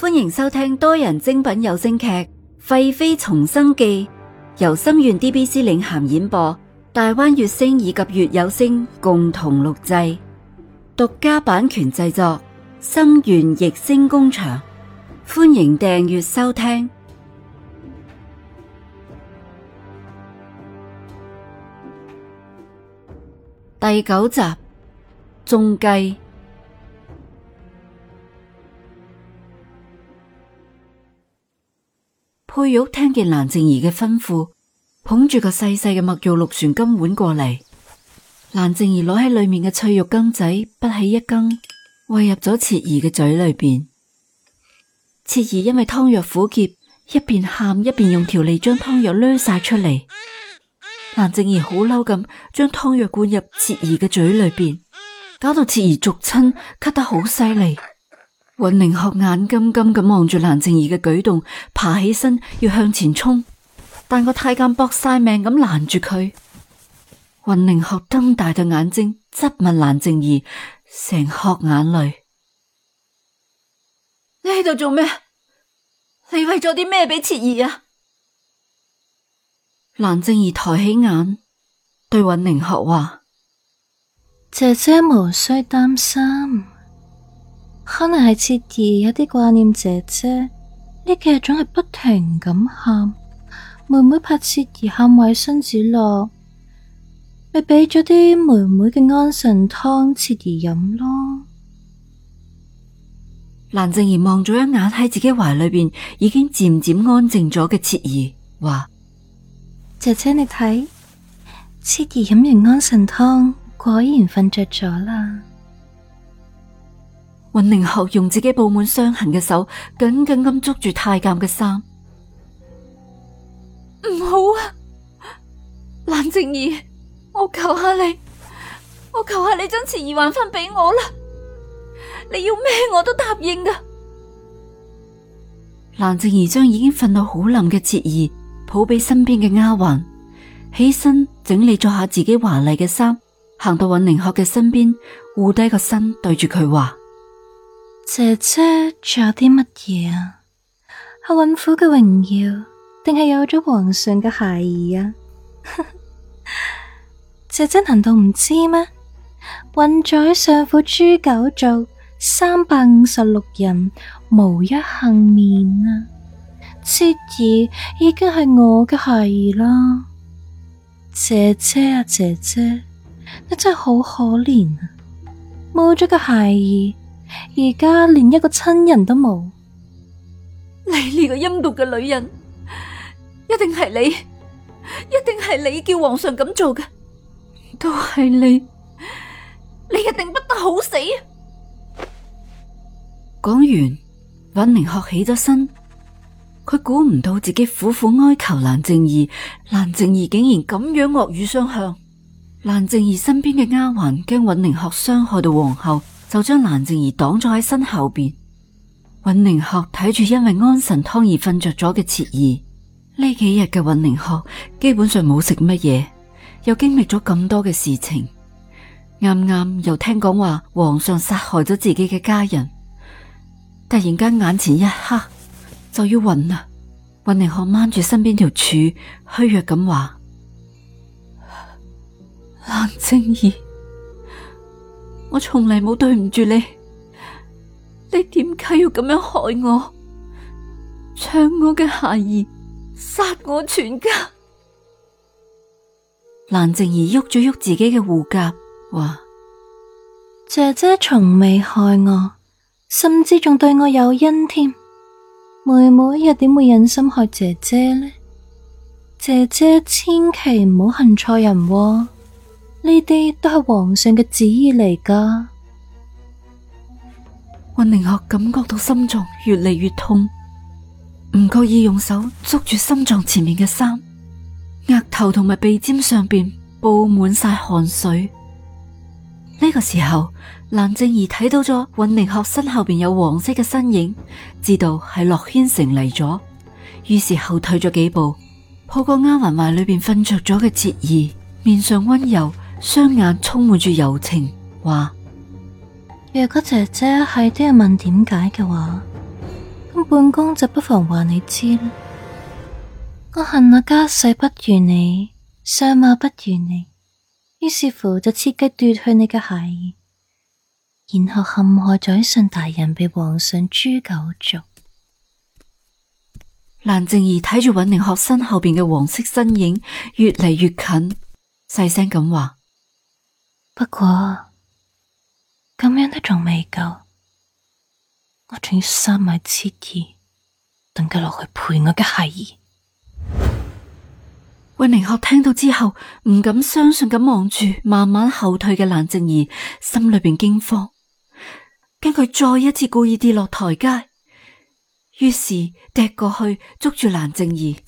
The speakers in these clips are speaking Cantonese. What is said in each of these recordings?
歡迎收聽多人精品有聲劇《廢妃重生記》，由心願 DBC 領銜演播，大灣月星以及月有聲共同錄製，獨家版權製作，心願逸星工場。歡迎訂閱收聽第九集《中計》。佩玉聽見蘭靜兒嘅吩咐，捧住個細細嘅墨玉綠旋金碗過嚟。蘭靜兒攞喺裏面嘅脆肉羹仔滗起一羹，餵入咗徹兒嘅嘴裏邊。徹兒因為湯藥苦澀，一邊喊一邊用條脷將湯藥掠晒出嚟。蘭靜兒好嬲咁，將湯藥灌入徹兒嘅嘴裏邊，搞到徹兒俗親，咳得好犀利。尹寧學眼金金咁望住蘭靜儀嘅舉動，爬起身要向前衝，但個太監搏晒命咁攔住佢。尹寧學瞪大對眼睛，質問蘭靜儀：成學眼淚，你喺度做咩？你為咗啲咩俾切兒啊？蘭靜儀抬起眼對尹寧學話：姐姐無需擔心。可能係切兒有啲掛念姐姐，呢幾日總係不停咁喊，妹妹怕切兒喊壞身子落，咪畀咗啲妹妹嘅安神湯切兒飲咯。蘭靜兒望咗一眼喺自己懷裏邊已經漸漸安靜咗嘅切兒，話：姐姐你睇，切兒飲完安神湯，果然瞓着咗啦。尹寧鶴用自己布滿傷痕嘅手緊緊咁捉住太監嘅衫唔好啊！蘭靜兒，我求下你，我求下你將慈兒還翻俾我啦。你要咩我都答應㗎！蘭靜兒將已經瞓到好冧嘅慈兒抱俾身邊嘅丫鬟，起身整理咗下自己華麗嘅衫，行到尹寧鶴嘅身邊，護低個身對，對住佢話。姐姐仲有啲乜嘢啊？係運府嘅榮耀，定係有咗皇上嘅孩兒啊？ 姐姐難道唔知咩？運宰相府誅九族三百五十六人無一幸免啊！次兒已經係我嘅孩兒啦。姐姐啊，姐姐，你真係好可憐啊！冇咗個孩兒。而家連一個親人都冇，你呢個陰毒嘅女人，一定係你，一定係你叫皇上咁做嘅，都係你，你一定不得好死。講完，允寧學起咗身，佢估唔到自己苦苦哀求蘭靜儀，蘭靜儀竟然咁樣惡語相向。蘭靜儀身邊嘅丫鬟驚允寧學傷害到皇后。就將蘭靜兒擋咗喺身後邊。尹寧鶴睇住因為安神湯而瞓着咗嘅徹兒，呢幾日嘅尹寧鶴基本上冇食乜嘢，又經歷咗咁多嘅事情，啱啱又聽講話皇上殺害咗自己嘅家人，突然間眼前一黑，就要暈啦。尹寧鶴掹住身邊條柱，虛弱咁話：蘭靜兒。我從來冇對唔住你，你點解要咁樣害我、搶我嘅孩兒、殺我全家？蘭靜兒喐咗喐自己嘅護甲，話：姐姐從未害我，甚至仲對我有恩添。妹妹又點會忍心害姐姐呢？姐姐千祈唔好恨錯人喎。呢啲都係皇上嘅旨意嚟噶，尹寧學感覺到心臟越嚟越痛，唔覺意用手捉住心臟前面嘅衫，額頭同埋鼻尖上邊布滿晒汗水。呢個時候，蘭靜兒睇到咗尹寧學身後邊有黃色嘅身影，知道係洛軒城嚟咗，於是後退咗幾步，抱個丫鬟懷裏邊瞓着咗嘅哲兒，面上温柔。雙眼充滿住柔情，話：若果姐姐係都要問點解嘅話，咁本宮就不妨話你知啦。我恨我家世不如你，相貌不如你，於是乎就設計奪去你嘅孩兒，然後陷害宰相大人被皇上誅九族。蘭靜儀睇住尹寧鶴身後邊嘅黃色身影越嚟越近，細聲咁話。 不過咁樣都仲未夠，我仲要收埋遲疑，等佢落去陪我嘅孩兒。韋寧學聽到之後，唔敢相信咁望住，慢慢後退嘅蘭靜儀，心裏邊驚慌，驚佢再一次故意跌落台階，於是踢過去捉住蘭靜儀，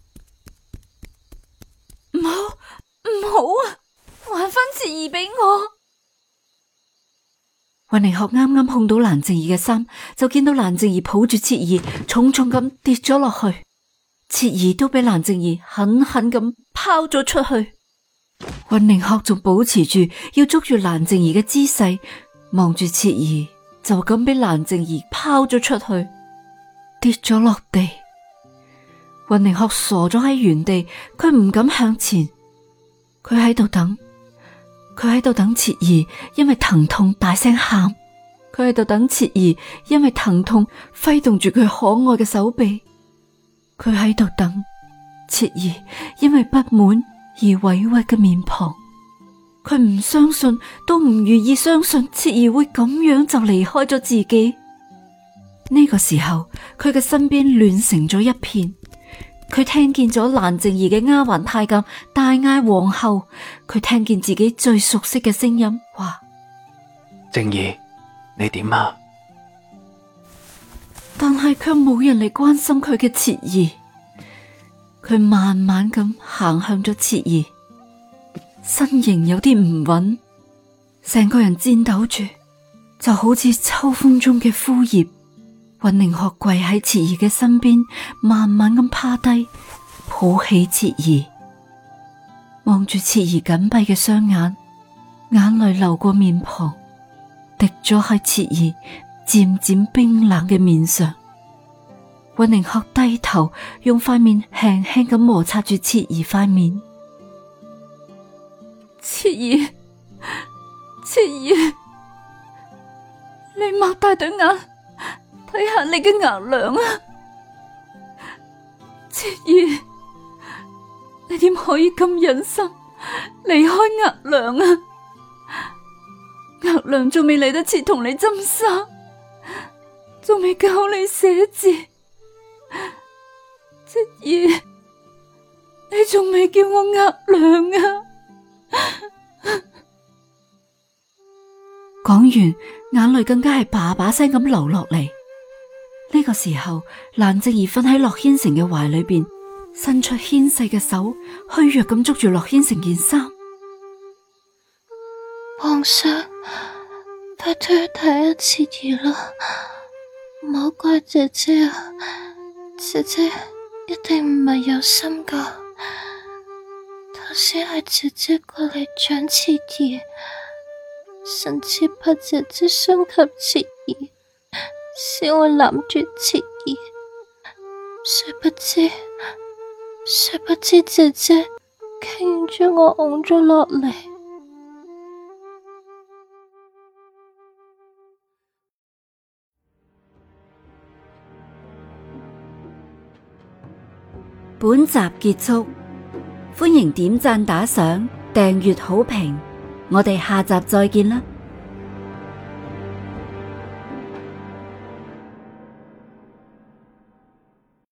唔好唔好啊，還翻遲疑俾我。雲凌鶴啱啱碰到蘭靜兒嘅衫，就見到蘭靜兒抱住切兒，重重咁跌咗落去。切兒都俾蘭靜兒狠狠咁拋咗出去。雲凌鶴仲保持住要捉住蘭靜兒嘅姿勢，望住切兒，就咁俾蘭靜兒拋咗出去，跌咗落地。雲凌鶴傻咗喺原地，佢唔敢向前，佢喺度等。佢喺度等切兒，因為疼痛大聲喊。佢喺度等切兒，因為疼痛揮動住佢可愛嘅手臂。佢喺度等切兒，因為不滿而委屈嘅面龐。佢唔相信，都唔願意相信切兒會咁樣就離開咗自己。呢個時候，佢嘅身邊亂成咗一片。佢聽見咗蘭靜兒嘅丫鬟太監大嗌皇后，佢聽見自己最熟悉嘅聲音，話：靜兒，你點啊？但係卻冇人嚟關心佢嘅切兒，佢慢慢咁行向咗切兒，身形有啲唔穩，成個人顫抖住，就好似秋風中嘅枯葉。尹寧鶴跪喺徹兒嘅身邊，慢慢咁趴低，抱起徹兒，望住徹兒緊閉嘅雙眼，眼淚流過面龐，滴咗喺徹兒漸漸冰冷嘅面上。尹寧鶴低頭，用塊面輕輕咁摩擦住徹兒塊面，徹兒，徹兒，你擘大對眼。睇下你嘅額娘啊，七兒，你點可以咁忍心離開額娘啊？額娘仲未嚟得切同你針衫，仲未教你寫字，七兒，你仲未叫我額娘啊？講 完，眼淚更加係把把聲咁流落嚟。呢個時候，藍靜兒瞓喺洛軒成嘅懷裏邊，伸出纖細嘅手，虛弱咁捉住洛軒成件衫。皇上，快推去睇下徹兒啦，唔好怪姐姐啊！姐姐一定唔係有心噶，頭先係姐姐過嚟搶徹兒，臣妾怕姐姐傷及徹兒。是 我諗住切意，誰不知，誰不知姐姐傾住我，拱咗落嚟。本集結束，歡迎點贊、打賞、訂閱、好評，我哋下集再見啦！